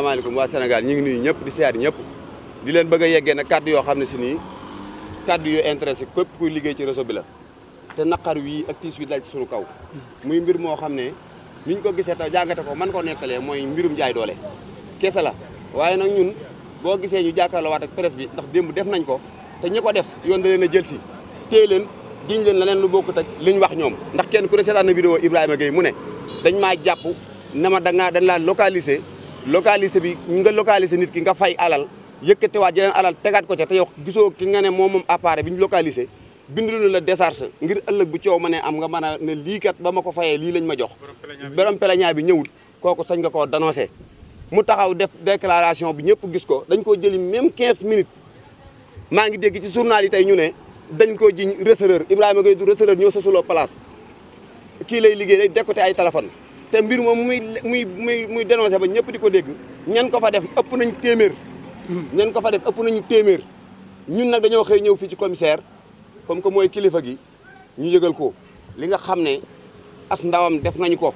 asalaamaaleykum waa Sénégal ñu ngi nuyu ñëpp di siyaar ñëpp di leen bëgg a yeggee nag kàddu yoo xam ne si nii kàddu yu intéressé képp kuy liggéey ci réseau bi la te naqar wii ak tiis wi dal ci suñu kaw muy mbir moo xam ne ni ñu ko gisee ta jàngate ko man ko nettalee mooy mbirum jaay doole kese la waaye nag ñun boo gisee ñu jàkkaarloowaat ak presse bi ndax démb def nañ ko te ñi ko def yoon da leen a jël si téye leen jiñ leen leneen lu bokkut ak li ñu wax ñoom ndax kenn ku ne seetaan na vidéo Ibrahima Gueye mu ne dañ maa jàpp ne ma da ngaa dañ laa localisé localiser bi nga localiser nit ki nga fay alal yëkkatewaat yeneen alal tegaat ko ca te yow gisoo ki nga ne moom moom appareil bi ñu localiser bindul la décharge ngir ëllëg bu coow ma ne am nga man a ne lii kat ba ma ko fayee lii lañ ma jox. borom plaignant bi ñëwul kooku sañ nga koo dénoncé. mu taxaw def déclaration bi ñëpp gis ko dañ koo jëli même 15 minutes maa ngi dégg ci journal yi tey ñu ne dañ koo jiñ receveur Ibrahima Gueye du receveur ñoo sasuloo place kii lay liggéey décoté ay téléphone te mbir moom muy muy muy muy dénoncé ba ñëpp di ko dégg ñan ko fa def ëpp nañ téeméer ñan ko fa def ëpp nañ téeméer ñun nag dañoo xëy ñëw fii ci commissaire comme que mooy kilifa gi ñu yëgal ko li nga xam ne as ndawam def nañu ko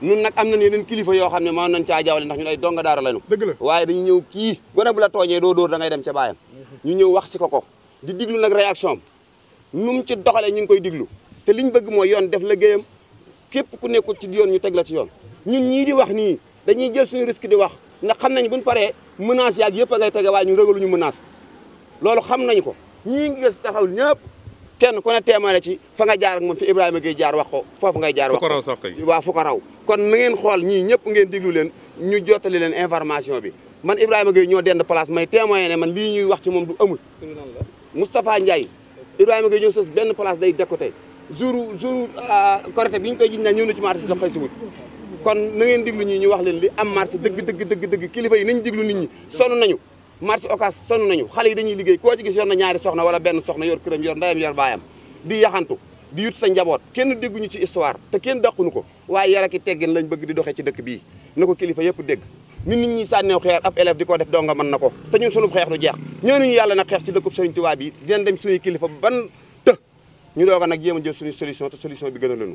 ñun nag am nañ yeneen kilifa yoo xam ne maa nañ caa jaawale ndax ñu ay donga daara lañu dëgg la waaye dañu ñëw kii gone bu la tooñee doo dóor da ngay dem ca baayam ñu ñëw wax si ko ko di diglu nag réaction am nu mu ci doxalee ñu ngi koy diglu te liñ bëgg mooy yoon def liggéeyam képp ku nekkul ci yoon ñu teg la ci yoon ñun ñii di wax nii dañuy jël suñu risque di wax ndax xam nañ buñ paree menaces yaag yëpp a ngay tege waaye ñu rëgaluñu menace loolu xam nañ ko ñii ngi gis taxaw ñëpp kenn ku ne témoigné ci fa nga jaar moom fi Ibrahima Gueye jaar wax ko foofu ngay jaar wax ko waaw fu ko raw kon na ngeen xool ñii ñëpp ngeen diglu leen ñu jottali leen information bi man Ibrahima Gueye ñoo dend place may témoigné ne man lii ñuy wax ci moom du amul Moustapha Ndiaye Ibrahima Gueye ñoo sos benn place day décoté jour jour euh, Korité bi ñu koy jiñ na ñëw na ci marché bi sax xëy kon na diglu ñi ñu wax leen li am marché dëgg dëgg dëgg dëgg kilifa yi nañ diglu nit ñi sonn nañu marché occas sonn nañu xale yi dañuy liggéey koo ci gis yor na ñaari soxna wala benn soxna yor këram yor ndayam yor baayam di yaxantu di yut sa njaboot kenn dégguñu ci histoire te kenn dàqunu ko waaye yar aki teggin lañ bëgg di doxee ci dëkk bii na ko kilifa yëpp dégg nit nit ñi sànneew xeer ab élève ko def donga mën na ko te xeex du jeex ñoonuñu yàlla nag xeex ci dëkkub Sëriñ Tuubaa bi dinañ dem ñu doog nag jéem a jël suñu solution te solution bi gën a lënu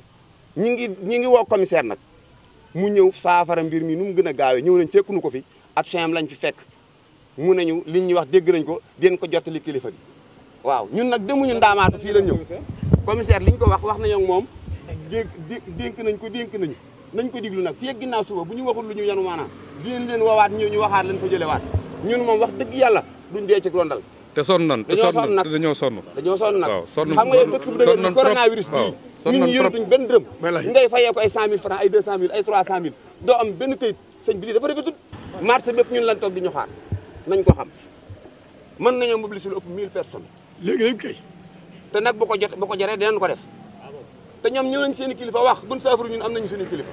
ñi ngi ñi ngi woo commissaire nag mu ñëw saafara mbir mi nu mu gën a gaawee ñëw nañ tekkunu ko fi ab am lañ fi fekk mu nañu li ñuy wax dégg nañ ko den ko jottali kilifa bi waaw ñun nag demuñu ndaamaatu fii lañ ñëw commissaire li ñu ko wax wax nañu ak moom dégg dénk nañ ko dénk nañ nañ ko diglu nag fii yëgg ginnaaw suba bu ñu waxul lu ñu yanu maanaam dinañ leen woowaat ñëw ñu waxaat lañ ko jëlewaat ñun moom wax dëgg yàlla duñ dee ci rondal te sonn nan te sonn te dañoo sonn dañoo sonn nag waaw sonn xam nga yéen dëkk bu dëgër bi coronavirus bii nit ñi yoratuñ benn dërëm ngay fayee ko ay 100000 francs ay 200000 ay 300000 doo am benn këyit sëñ bi lii dafa rafetul marché bépp ñun lañ toog di ñu xaar nañ ko xam mën nañoo mobiliser lu ëpp personnes léegi léegi kay te nag bu ko jot bu ko jaree dinañ ko def te ñoom ñëw seen kilifa wax buñ ñun am nañu suñu kilifa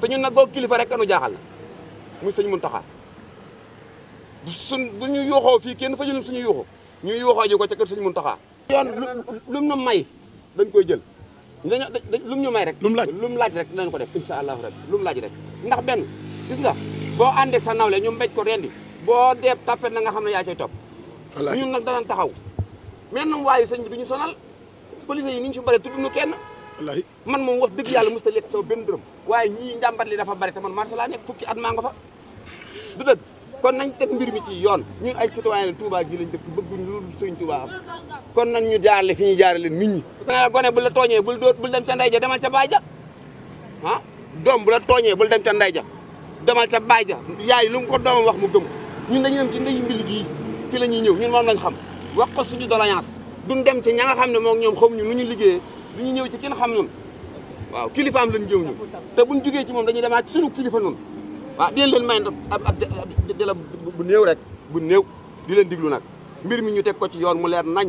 te ñun nag boo kilifa rek anu jaaxal na muy sëñ Muntaxa suñ bu ñu yuuxoo fii kenn fajulum suñu yuuxu ñu yuuxoo ji ko ca kër suñu Muntaxa yoon lu mu na may dañ koy jël dañu lu ñu may rek lu mu laaj rek dinañ ko def insha allahu rabbi lu mu laaj rek ndax benn gis nga boo àndee sa nawle ñu mbéj ko rendi boo dee tapet na nga xam ne yaa coy topp ñun nag danañ taxaw mais nag waaye sëñ bi duñu sonal police yi ni ñu fi bare tudd ñu kenn man moom wax dëgg yàlla mos ta lekk sama benn dërëm waaye ñii njàmbat li dafa bari te man marché laa nekk fukki at maa nga fa du dëgg kon nañ teg mbir mi ci yoon ñun ay citoyen la Touba gi lañ dëkk bëgguñ lu suñ Touba am kon nañ ñu jaarale fi ñuy jaarale nit ñi. su a gone bu la tooñee bul doot bul dem ca ndey ja demal ca baay ja ah, doom bu la tooñee bul dem ca ndey ja demal ca baay ja yaay lu nga ko doomam wax mu gëm ñun dañu dem ci ndeyu mbir gii fi la ñuy ñëw ñun moom lañ xam wax ko suñu doléance duñ dem ci ña nga xam ne moom ñoom xamuñu lu ñu liggéeyee lu ñu ñëw ci kenn xam ñun waaw kilifaam lañ jëw ñun te bu buñ jugee ci moom dañuy demaat suñu kilifa noonu waaw di leen leen may ab ab bu néew rek bu néew di leen diglu nag mbir mi ñu teg ko ci yoon mu leer nañ